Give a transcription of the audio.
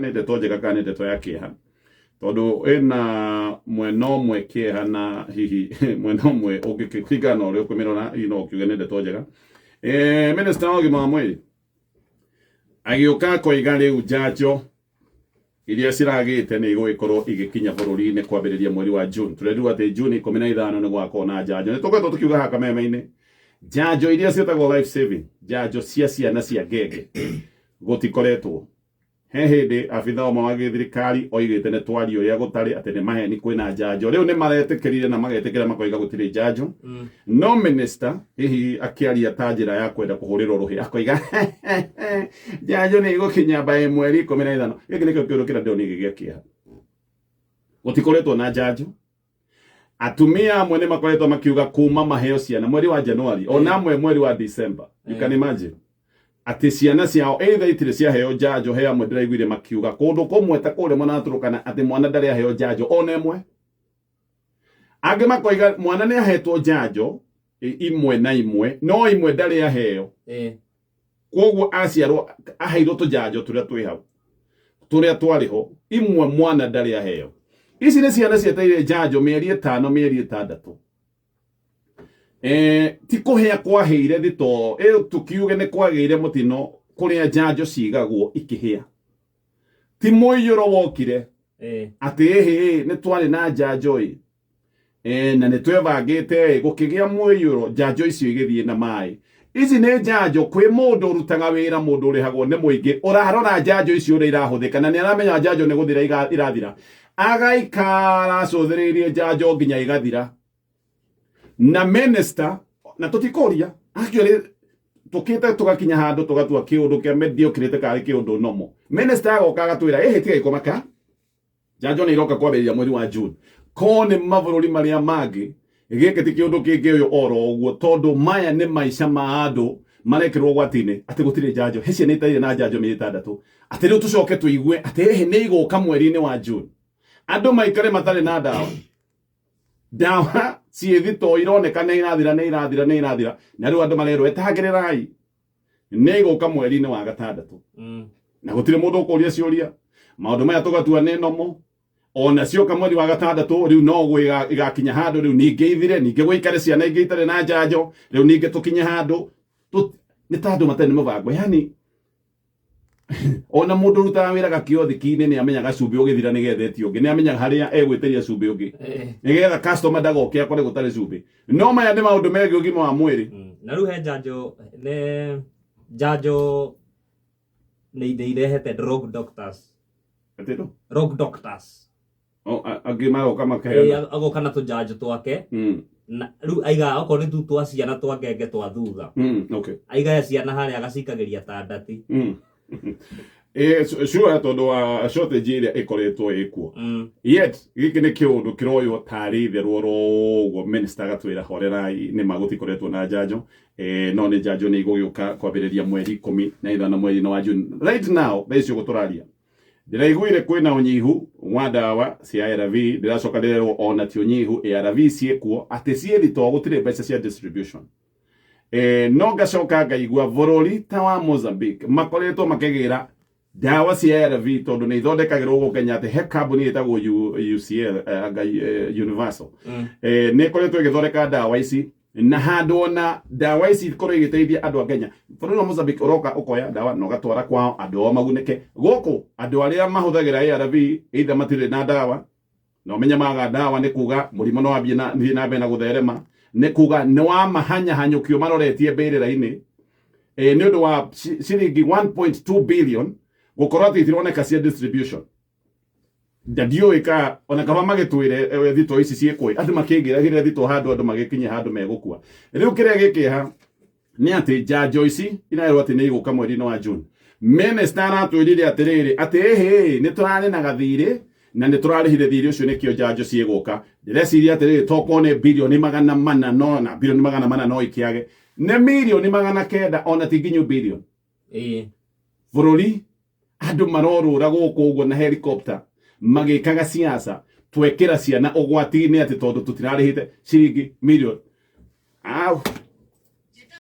ndeto njega kana ndeto ya kieha tondu ina mwena umwe kieha na hihi mwena umwe ungikikwiga na uria ukumirona hihi no ukiuge ni ndeto njega e, minister wa ugima wa mwiri agiuka koiga riu njanjo iria ciragite ni igwikorwo igikinya bururi-ini kwambiriria mweri wa june turerirwo ati june ikumi na ithano ni gwakorwo na njanjo ni tukoretwo tukiuga hakameme-ini njanjo iria cietagwo life saving njanjo cia ciana cia ngenge gutikoretwo he hĩndĩ abitha ũmwe wa gĩthirikari oigĩte nĩ twario ũrĩa gũtarĩ atĩ nĩ maheni kwĩna njanjo rĩu nĩ maretĩkĩrire na magetĩkĩra makoiga gũtirĩ njanjo mm. no minista hihi akĩaria ta njĩra ya kwenda kũhũrĩrwo ruhi akoiga njanjo nĩ ĩgũkinya by mweri ikũmi na ithano gĩkĩ nĩkĩo kĩũndũ kĩrĩa ndĩrona gĩgĩa kĩeha gũtikoretwo na njanjo atumia amwe nĩ makoretwo makiuga kuma maheo ciana mweri wa januari mm. ona amwe mweri wa december you mm. can imagine ati ciana ciao itha itirä ciaheo njanjo he amwe ndäraiguire makiuga kå ndå kå mwe ta kå rä mwana atå rå kana atä mwana ndarä aheo njanjo one mwe angä makoiga mwana nä ahetwo njanjo imwe na imwe no imwe ndarä aheo eh. koguo aciarwo aheirwo tå njanjo tå rä a twä hau tå rä a ho imwe mwana ndarä aheo ici nä ciana cieteire njanjo mä eri ä tano mä Eh, ti kuhia kwaheire thito iyo eh, tukiuge ni kwageire mutino kuria njanjo cigagwo ikihia ti muiyuro wokire eh. ati ihi ni twari na njanjo i na nä twebangäte gå kä gä a icio igä na maä ici nä njanjo kwä må ndå å rutaga wä rä hagwo nä må ingä å raharora njanjo icio å rä irahå thä na nä aramenya njanjo nä gå thira irathira agaikara acå thä rä nginya igathira na minister na tutikoria actually tukite tugakinya handu tugatua kiundu kia medio kirite kari kiundu nomo minister ago kaga agatwira ehe tiga ikomaka janjo ni roka kwa beria mweri wa June kone ni mavururi maria mangi giki ti kiundu kingi uyu oro uguo tondu maya ni maisha ma andu marekirwo gwatine ati gutire janjo heci ni taire na janjo mi tandatu ati riu tucoke tuigue ati ehe ni igoka mweri ni wa June andu maikare matare na dawa dawa ciĩthito ironekana irathira nä irathira na irathira mm. na rä u andå marerw etagärä nä gå ka mweri-inä wa gatandatå na gå tirä må ndå å kå ria ciå ria maå ndå maya tå gatua nä nomo ona cioka mweri wa gatandatå rä u no igakinya handå rä u ningä ithire ningä gå ikare ciana ingä itarä na njanjo rä u ningä tå kinye handå nä ta andå matarä nä må bango yani ona mundu rutaga wira kä kine ni amenyaga cumbi ugithira ni gethetio ngi ni amenyaga haria egwiteria cumbi ungi eh, eh. ni getha customer ndagoke akore gutari cumbi no maya ni maundu megi ugima wa mwiri hmm. na riu he njanjo ne njanjo nä inde irehete rogue doctors atino doctors o magoka makaheo eh, agoka na tujanjo twake hmm. na riu aiga okorwo nä tu twa ciana twa ngenge twa thutha hmm, aigaga ciana harä a agacikagä ta ndati e sure tondu wa shortage iria ikoretwo ikuo mm. yet giki ni kiundu kiroywo tari itherwo roguo minister gatwira horerai ni magutikoretwo na jajo eh, no ni jajo ni igugiuka kwambiriria mweri ikumi na ithano mweri-inĩ wa June right now thaa icio guturaria ndiraiguire kwina unyihu wa ndawa cia ARV ndiracoka ndirerwo ona ti unyihu ARV ciĩkuo atĩ ciĩthitoo gũtirĩ mbeca cia distribution e, no ngacoka ngaigua bururi ta wa Mozambique makoretwo makigira ndawa cia ARV tondu nä ithondekagärwo gå Kenya atä he kambuni ätagwo UCL uh, eh, eh, Universal mm. e, nä ĩkoretwo ĩgĩthondeka ndawa ici na handå ona ndawa ici ikorwo igĩteithia andå a Kenya bũrũri wa Mozambique ũroka ũkoya ndawa na ũgatwara kwao andũ ao maguneke guku andũ aria mahuthagira ARV either matirĩ na ndawa na no, ũmenye maga ndawa ni kuga mũrimũ no wambie na mbere na gutherema nä kuga nä wa mahanya hanyo kio maroretie mbä rä e, nä å ndå wa shilingi 1.2 billion gå korwo atä itironeka cia distribution ndiå ka ona kaba magä twä re thito ici ciä kwä andå makä ngä ragä re thito handå andå magä kinye handå megåkua rä u kä rä a gä kä ha ni atä ja joyce ina atä nä igå ka mweri no wa june minista aratwä rire atä rä rä atä hä nä tå rarä na gathirä na nä tå rarä thiri å cio nä kä o njanjo cigåka ndä reciria atä rä tokorwo nä birioni magana mana no na birioni magana mana no ikä age nä mirioni magana kenda ona ti nginyu birioni bå rå ri andå marorå ra gå kå å guo na helikopta magä kaga ciaca twekä ra ciana å gwati-inä atä tondå tå tirarä hä te ciringi